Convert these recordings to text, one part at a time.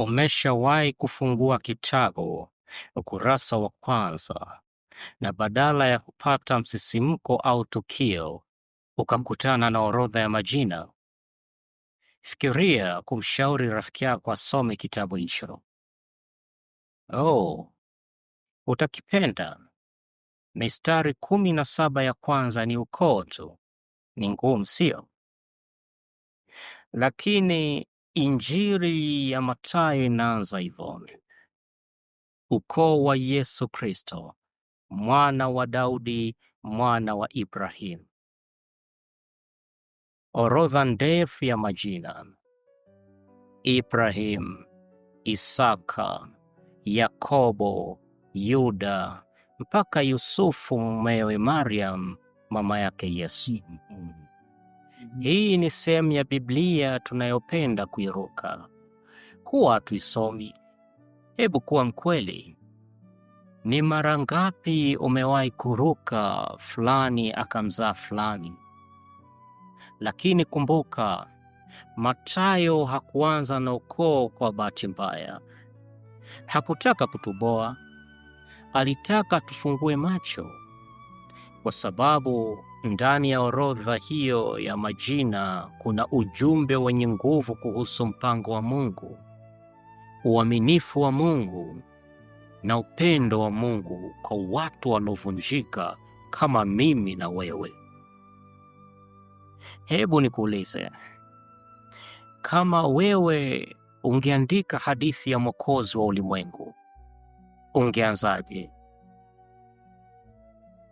Umeshawahi kufungua kitabu ukurasa wa kwanza na badala ya kupata msisimko au tukio ukakutana na orodha ya majina? Fikiria kumshauri rafiki yako asome kitabu hicho. Oh, utakipenda. Mistari kumi na saba ya kwanza ni ukoo tu. Ni ngumu, sio? Lakini Injili ya Mathayo inaanza hivyo: ukoo wa Yesu Kristo, mwana wa Daudi, mwana wa Ibrahimu. Orodha ndefu ya majina: Ibrahimu, Isaka, Yakobo, Yuda, mpaka Yusufu mumewe Mariam, mama yake Yesu. Hii ni sehemu ya Biblia tunayopenda kuiruka, huwa hatuisomi. Hebu kuwa mkweli, ni mara ngapi umewahi kuruka fulani akamzaa fulani? Lakini kumbuka, Mathayo hakuanza na ukoo kwa bahati mbaya. Hakutaka kutuboa, alitaka tufungue macho kwa sababu ndani ya orodha hiyo ya majina kuna ujumbe wenye nguvu kuhusu mpango wa Mungu, uaminifu wa Mungu na upendo wa Mungu kwa watu waliovunjika kama mimi na wewe. Hebu nikuulize, kama wewe ungeandika hadithi ya mwokozi wa ulimwengu, ungeanzaje?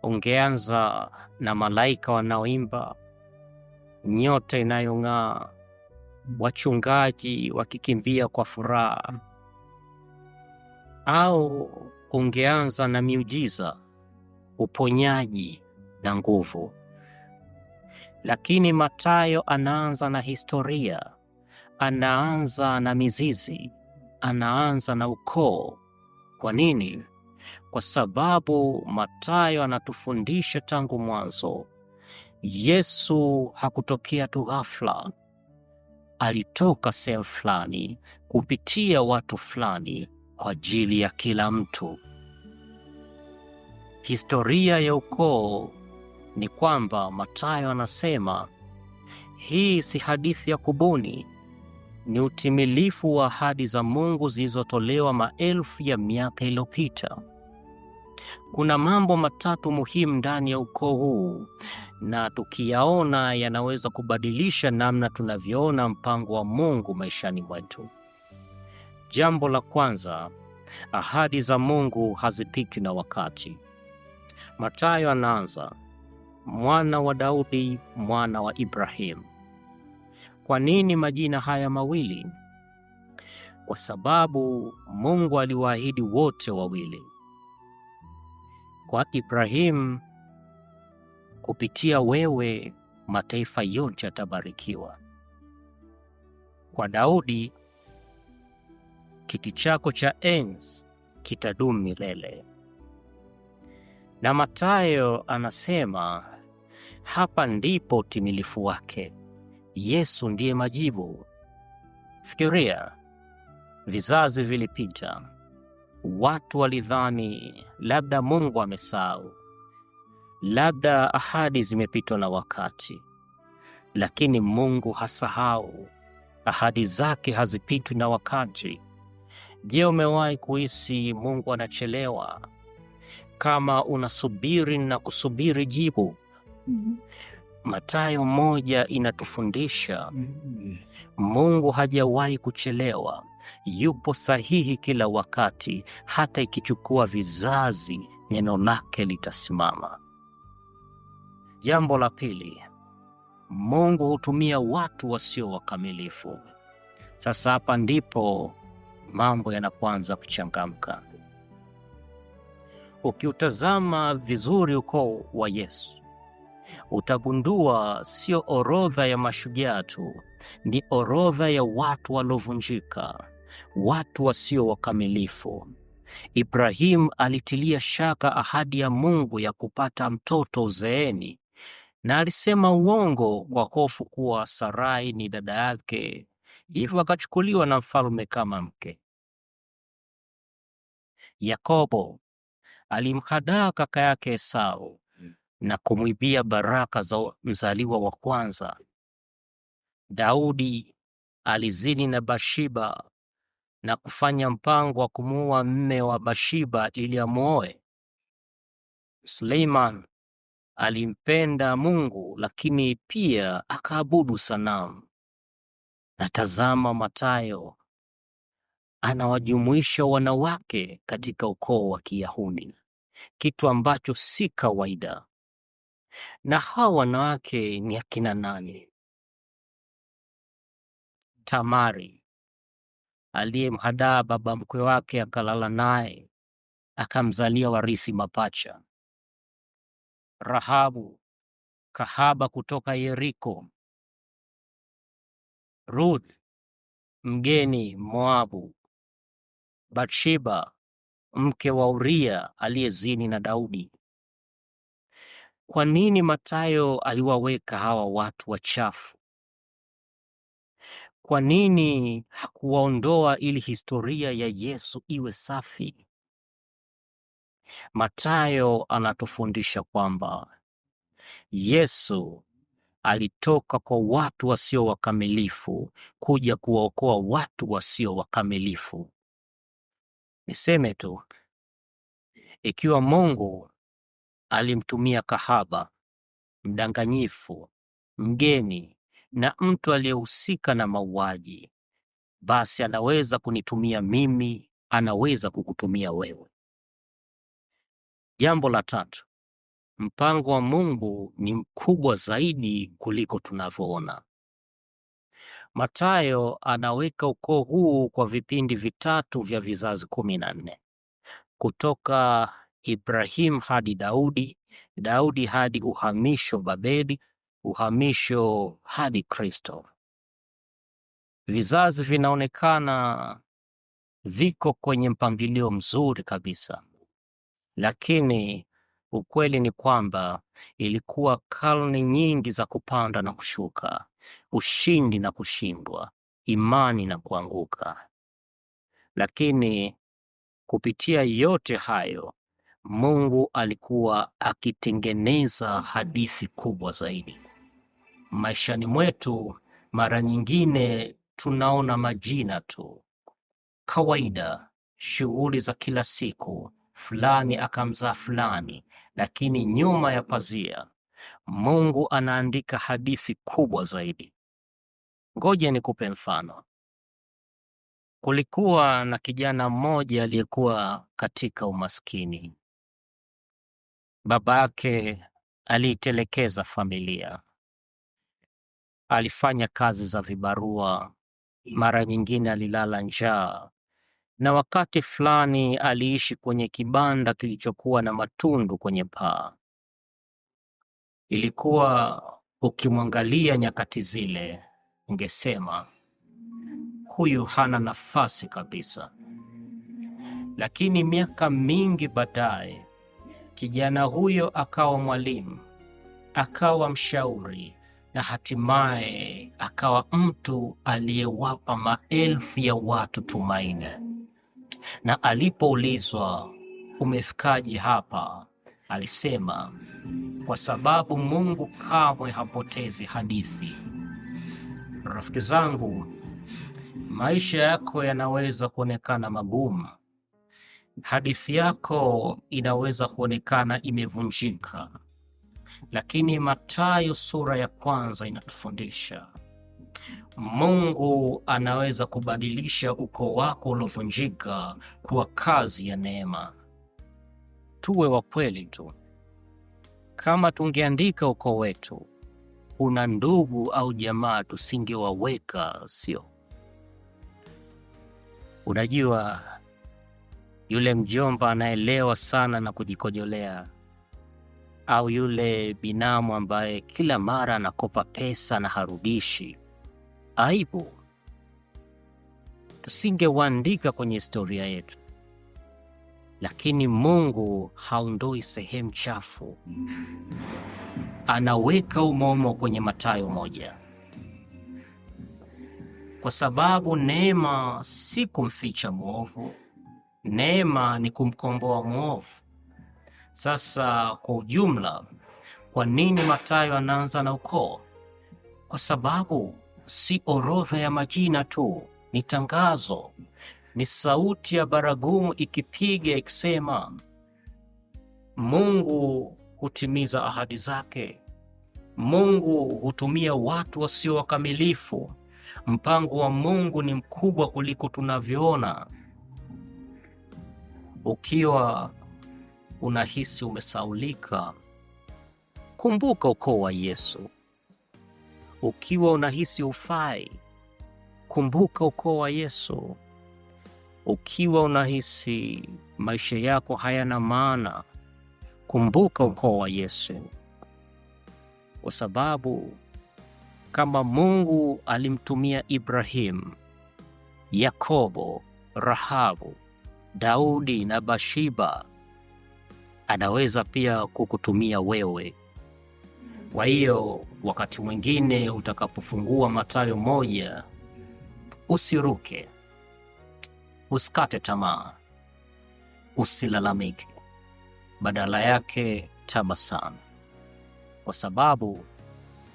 ungeanza na malaika wanaoimba nyota inayong'aa, wachungaji wakikimbia kwa furaha, au ungeanza na miujiza, uponyaji na nguvu. Lakini Mathayo anaanza na historia, anaanza na mizizi, anaanza na ukoo. Kwa nini? kwa sababu Mathayo anatufundisha tangu mwanzo, Yesu hakutokea tu ghafla. Alitoka sehemu fulani kupitia watu fulani kwa ajili ya kila mtu. Historia ya ukoo ni kwamba Mathayo anasema hii si hadithi ya kubuni, ni utimilifu wa ahadi za Mungu zilizotolewa maelfu ya miaka iliyopita. Kuna mambo matatu muhimu ndani ya ukoo huu, na tukiyaona yanaweza kubadilisha namna tunavyoona mpango wa Mungu maishani mwetu. Jambo la kwanza, ahadi za Mungu hazipitwi na wakati. Mathayo anaanza, mwana wa Daudi, mwana wa Ibrahimu. Kwa nini majina haya mawili? Kwa sababu Mungu aliwaahidi wote wawili kwa Ibrahimu, kupitia wewe mataifa yote yatabarikiwa. Kwa Daudi, kiti chako cha enzi kitadumu milele. Na Mathayo anasema hapa ndipo utimilifu wake. Yesu ndiye majibu. Fikiria, vizazi vilipita Watu walidhani labda Mungu amesahau, labda ahadi zimepitwa na wakati. Lakini Mungu hasahau, ahadi zake hazipitwi na wakati. Je, umewahi kuhisi Mungu anachelewa? Kama unasubiri na kusubiri jibu, mm -hmm. Mathayo moja inatufundisha mm -hmm. Mungu hajawahi kuchelewa yupo sahihi kila wakati, hata ikichukua vizazi, neno lake litasimama. Jambo la pili, Mungu hutumia watu wasio wakamilifu. Sasa hapa ndipo mambo yanapoanza kuchangamka. Ukiutazama vizuri ukoo wa Yesu utagundua sio orodha ya mashujaa tu, ni orodha ya watu waliovunjika, watu wasio wakamilifu. Ibrahim alitilia shaka ahadi ya Mungu ya kupata mtoto uzeeni, na alisema uongo kwa hofu kuwa Sarai ni dada yake, hivyo akachukuliwa na mfalme kama mke. Yakobo alimhadaa kaka yake Esau na kumwibia baraka za mzaliwa wa kwanza. Daudi alizini na Bathsheba na kufanya mpango wa kumuua mme wa Bathsheba ili amwoe. Suleiman alimpenda Mungu lakini pia akaabudu sanamu. Na tazama, Mathayo anawajumuisha wanawake katika ukoo wa Kiyahudi, kitu ambacho si kawaida. Na hawa wanawake ni akina nani? Tamari aliyemhadaa baba mkwe wake akalala naye akamzalia warithi mapacha. Rahabu kahaba kutoka Yeriko, Ruth mgeni Moabu, Bathsheba mke wa Uria aliyezini na Daudi. Kwa nini Mathayo aliwaweka hawa watu wachafu kwa nini hakuwaondoa ili historia ya Yesu iwe safi? Mathayo anatufundisha kwamba Yesu alitoka kwa watu wasio wakamilifu kuja kuwaokoa watu wasio wakamilifu. Niseme tu, ikiwa Mungu alimtumia kahaba, mdanganyifu, mgeni na mtu aliyehusika na mauaji, basi anaweza kunitumia mimi, anaweza kukutumia wewe. Jambo la tatu, mpango wa Mungu ni mkubwa zaidi kuliko tunavyoona. Mathayo anaweka ukoo huu kwa vipindi vitatu vya vizazi kumi na nne kutoka Ibrahim hadi Daudi, Daudi hadi uhamisho Babeli, uhamisho hadi Kristo. Vizazi vinaonekana viko kwenye mpangilio mzuri kabisa, lakini ukweli ni kwamba ilikuwa karne nyingi za kupanda na kushuka, ushindi na kushindwa, imani na kuanguka. Lakini kupitia yote hayo, Mungu alikuwa akitengeneza hadithi kubwa zaidi maishani mwetu mara nyingine tunaona majina tu, kawaida, shughuli za kila siku, fulani akamzaa fulani, lakini nyuma ya pazia Mungu anaandika hadithi kubwa zaidi. Ngoja nikupe mfano. Kulikuwa na kijana mmoja aliyekuwa katika umaskini. Babake aliitelekeza familia Alifanya kazi za vibarua, mara nyingine alilala njaa, na wakati fulani aliishi kwenye kibanda kilichokuwa na matundu kwenye paa. Ilikuwa ukimwangalia nyakati zile, ungesema huyu hana nafasi kabisa. Lakini miaka mingi baadaye, kijana huyo akawa mwalimu, akawa mshauri na hatimaye akawa mtu aliyewapa maelfu ya watu tumaini. Na alipoulizwa umefikaje hapa, alisema kwa sababu Mungu kamwe hapotezi hadithi. Rafiki zangu, maisha yako yanaweza kuonekana magumu, hadithi yako inaweza kuonekana imevunjika lakini Mathayo sura ya kwanza inatufundisha Mungu anaweza kubadilisha ukoo wako ulovunjika kuwa kazi ya neema. Tuwe wa kweli tu. Kama tungeandika ukoo wetu, kuna ndugu au jamaa tusingewaweka, sio? Unajua, yule mjomba anaelewa sana na kujikojolea au yule binamu ambaye kila mara anakopa pesa na harudishi. Aibu, tusingewaandika kwenye historia yetu. Lakini Mungu haondoi sehemu chafu, anaweka umomo kwenye Mathayo moja, kwa sababu neema si kumficha mwovu, neema ni kumkomboa mwovu. Sasa kwa ujumla, kwa nini Mathayo anaanza na ukoo? Kwa sababu si orodha ya majina tu, ni tangazo, ni sauti ya baragumu ikipiga ikisema, Mungu hutimiza ahadi zake. Mungu hutumia watu wasio wakamilifu. Mpango wa Mungu ni mkubwa kuliko tunavyoona. Ukiwa unahisi umesaulika, kumbuka ukoo wa Yesu. Ukiwa unahisi ufai, kumbuka ukoo wa Yesu. Ukiwa unahisi maisha yako hayana maana, kumbuka ukoo wa Yesu, kwa sababu kama Mungu alimtumia Ibrahimu, Yakobo, Rahabu, Daudi na Bashiba anaweza pia kukutumia wewe. Kwa hiyo wakati mwingine utakapofungua Mathayo moja, usiruke, usikate tamaa, usilalamike, badala yake tabasamu, kwa sababu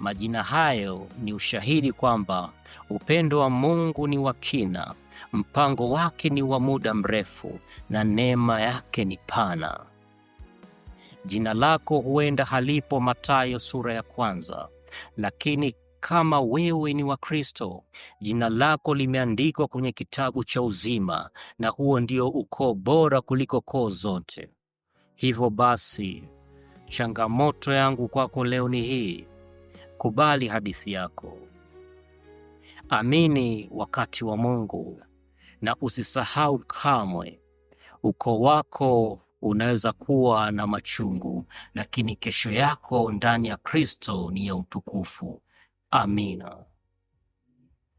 majina hayo ni ushahidi kwamba upendo wa Mungu ni wa kina, mpango wake ni wa muda mrefu, na neema yake ni pana. Jina lako huenda halipo Mathayo sura ya kwanza, lakini kama wewe ni wa Kristo, jina lako limeandikwa kwenye kitabu cha uzima, na huo ndio ukoo bora kuliko koo zote. Hivyo basi, changamoto yangu kwako leo ni hii: kubali hadithi yako, amini wakati wa Mungu, na usisahau kamwe ukoo wako unaweza kuwa na machungu, lakini kesho yako ndani ya Kristo ni ya utukufu. Amina.